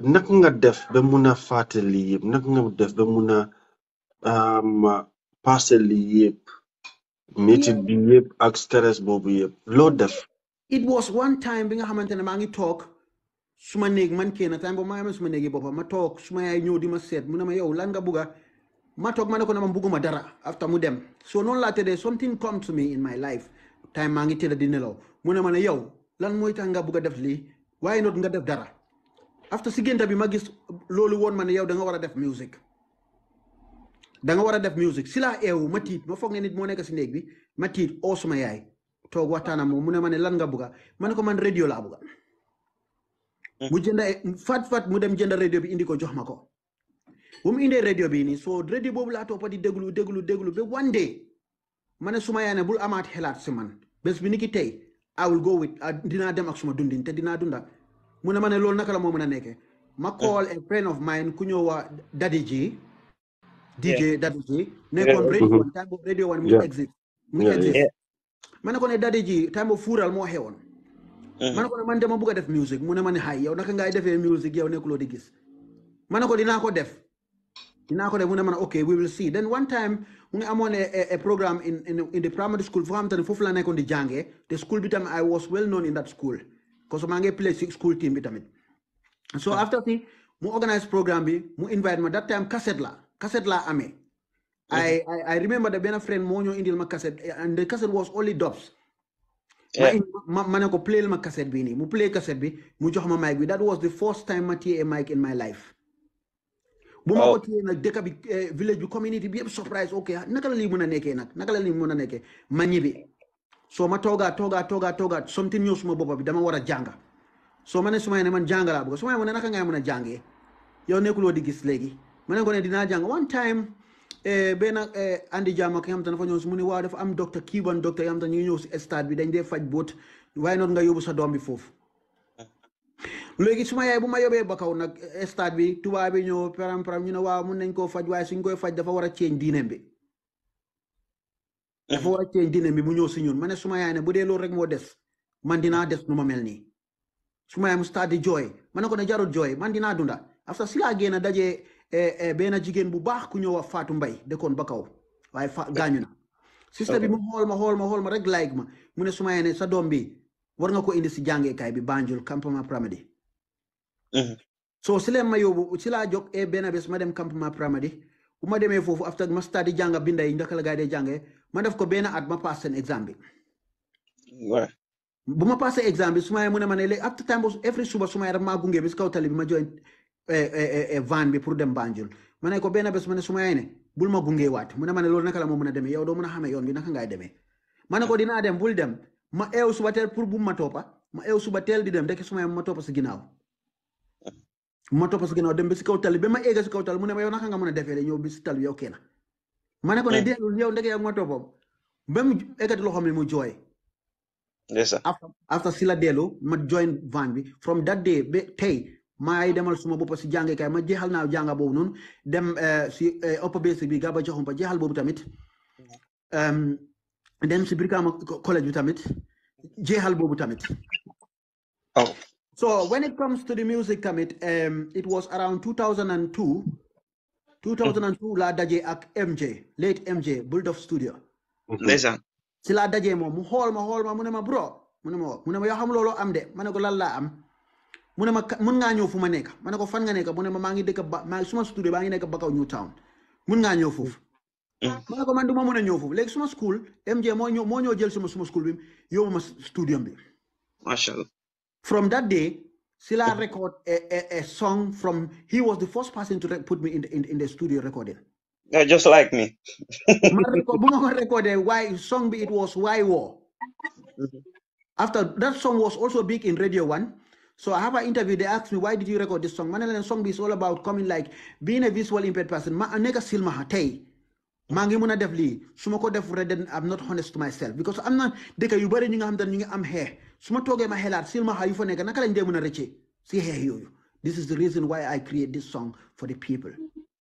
naka nga def ba mun a fàtte lii yëpp naka nga def ba mun a um, passé lii yëpp métit bi yëpp ak stress boobu yëpp loo def it was one time bi nga xamante ne maa ngi toog suma néeg man kenn time boobu maa ngi suma néegi boppam ma toog suma yaay ñëw di ma seet mu ne ma yow lan nga bugga ma toog ma ne ko ne ma bugguma dara after mu dem so noonu laa tëddee something come to me in my life time maa ngi tëdd di nelaw mu ne ma ne yow lan mooy tax nga bugg def lii waaye not nga def dara after si génta bi ma gis loolu woon ma ne yow danga war a def musique da war a def musique si laa eewu ma tiit ma foog ne nit moo nekk si néeg bi ma tiit oo oh, suma yaay toog waxtaanam moom mu ne ma ne lan nga bugga ma ne ko man radio laa bugga hmm. mu jënda fat fat mu dem jënda radio bi indi ko jox ma ko mu indee radio bi nii soo radio boobu laa toppa di déglu déglu déglu ba one day ma ne suma yaay ne bul amaat xelaat si man bés bi ni ki tey I will go ah, dinaa dem suma dundin te dinaa dunda Muna ne ma ne loolu naka la moo a ma call a friend of mine ku ñëw waa Daddy G DJ Daddy G nekkoon radio mm-hmm. one time of radio one mu ngi exist mu ngi exist ko ne Daddy G time of fuural moo xewoon ma mm-hmm. ne ko man dama bugg a def music Muna ne ma ne yow naka ngay defee music yow nekkuloo di gis ma ne ko dinaa ko def dinaa ko def mu ne ma ne ok we will see then one time mu ngi amoon a programme in in in the primary school foo xam te ne foofu la nekkoon di jange. The school bi tam I was well known in that school koso maa ngi play si school team bi tamit so hmm. after si mu organize programme bi mu invite ma that time cassette la cassette laa amee I, hmm. I, I remember the benn friend moo ñoo indil ma cassette and the cassette was only dubs ma ma ne ko playal ma cassette bi nii mu play cassette bi mu jox ma mic bi that was the first time ma téye a mic in my life bu ma ko oh. téyee nag dëkk bi eh, village bi community bi yëpp surprise ok naka la lii mën a nekkee nag naka la lii mën a nekkee ma ñibbi soo ma toogaa toogaa toogaa toogaa something ñëw suma boppa bi dama war a jànga soo ma ne suma ne man jànga laa bëgg suma ne naka ngay mën a jàngee yow nekkuloo di gis léegi ma ne ko ne dinaa jàng one time eh, benn eh, andi jaama ki nga xam te ne dafa ñëw si mu ne waaw dafa am docteur kiiban docteur yi nga xam te ne ñu ñëw si stade bi dañ dee faj boot waaye noonu nga yóbbu sa doom bi foofu léegi suma yaay bu ma yóbbee ba kaw nag eh, stade bi tubaab bi ñëw param param ñu ne waaw mun nañ koo faj waaye suñ koy faj dafa war a ceeñ diineem bi dafa war change dina bi mu ñëw si ñoon mane ne bu dee loolu rek moo def man dinaa des nu ma mel nii suma yaay mu start di jooy ma ne ko ne jarul jooy man dinaa dunda after si laa génn daje eh, eh, benn jigéen bu baax ku ñëw wax faatu Mbay de dëkkoon ba kaw waaye fa eh. gaañu na sista bi mu xool ma xool ma xool ma rek like ma mu ne suma yaay ne sa doom bi war nga ko indi si jàngeekaay bi Banjul campement pramadi si leen ma yóbbu si laa jóg e benn bés ma dem campement pramadi bu ma demee foofu after ma start di jànga binda yi ndaka la gaa dee jàngee man daf ko benn at ma paas seen exam bi. waaw. bu ma paasee examen bi su ma yee mu ne ma ne léegi after time every suba su ma yee daf maa gunge bi si kaw tali bi ma join van bi pour dem Banjul ma ne ko benn bes ma ne su ne bul ma gunge waat mu ne ma ne loolu naka la moo mën a demee yow doo mën a xamee yoon bi naka ngay demee. ma ne ko dinaa dem bul dem ma eew suba teel pour bu ma toppa e ma eew suba teel di dem rek su ma yee ma toppa si ginnaaw. ma toppa si ginnaaw dem bi si kaw tali bi ma eega si kaw tali mu ne ma yow naka nga mën a defee rek ñëw bi si tali bi yow kenn. ko ne yow ma mu after after si la ma join van bi from that day ba tey demal suma bopp jange jàngekaay ma jeexal na jànga boobu noonu dem si upper basic bi gaba joxumpa jeexal boobu tamit dem si Brikama college bi tamit jeexal tamit. oh so when it comes to the music um, it was around 2002. 2002 laa dajee ak MJ late MJ Bulldog studio. ndeysaan. si laa dajee moom mu xool ma xool ma mu ne ma bro mu ne ma mu ne ma yoo xam looloo am de ma ko lan laa am mu ne ma mun ngaa ñëw fu ma nekk ma ne ko fan nga nekk mu ne ma maa ngi dëkk ma maa suma studio baa ngi nekk Bakaw New Town mun ngaa ñëw foofu. Mm. ma ne ko man du ma mun a ñëw foofu léegi suma school MJ mo ñëw mo ñëw jël suma suma school bi yóbbu ma studio bi. macha from that day. Silla record a, a, a, song from. He was the first person to put me in the, in, in the studio recording. Yeah, just like me. why song it was Why War. Mm-hmm. After that song was also big in Radio One. So I have an interview. They asked me, why did you record this song? Manalan song is all about coming like being a visual impaired person. Ma aneka silmaha tay. Mangi muna mën def ko def rek den I'm not honest to myself because am not. dëkk yu bëri ñu nga xam ñu ngi am xeex Suma ma toogee ma xelaat silmaxa yu fa nekk naka lañ rëcce si xeex this is the reason why I create this song for the people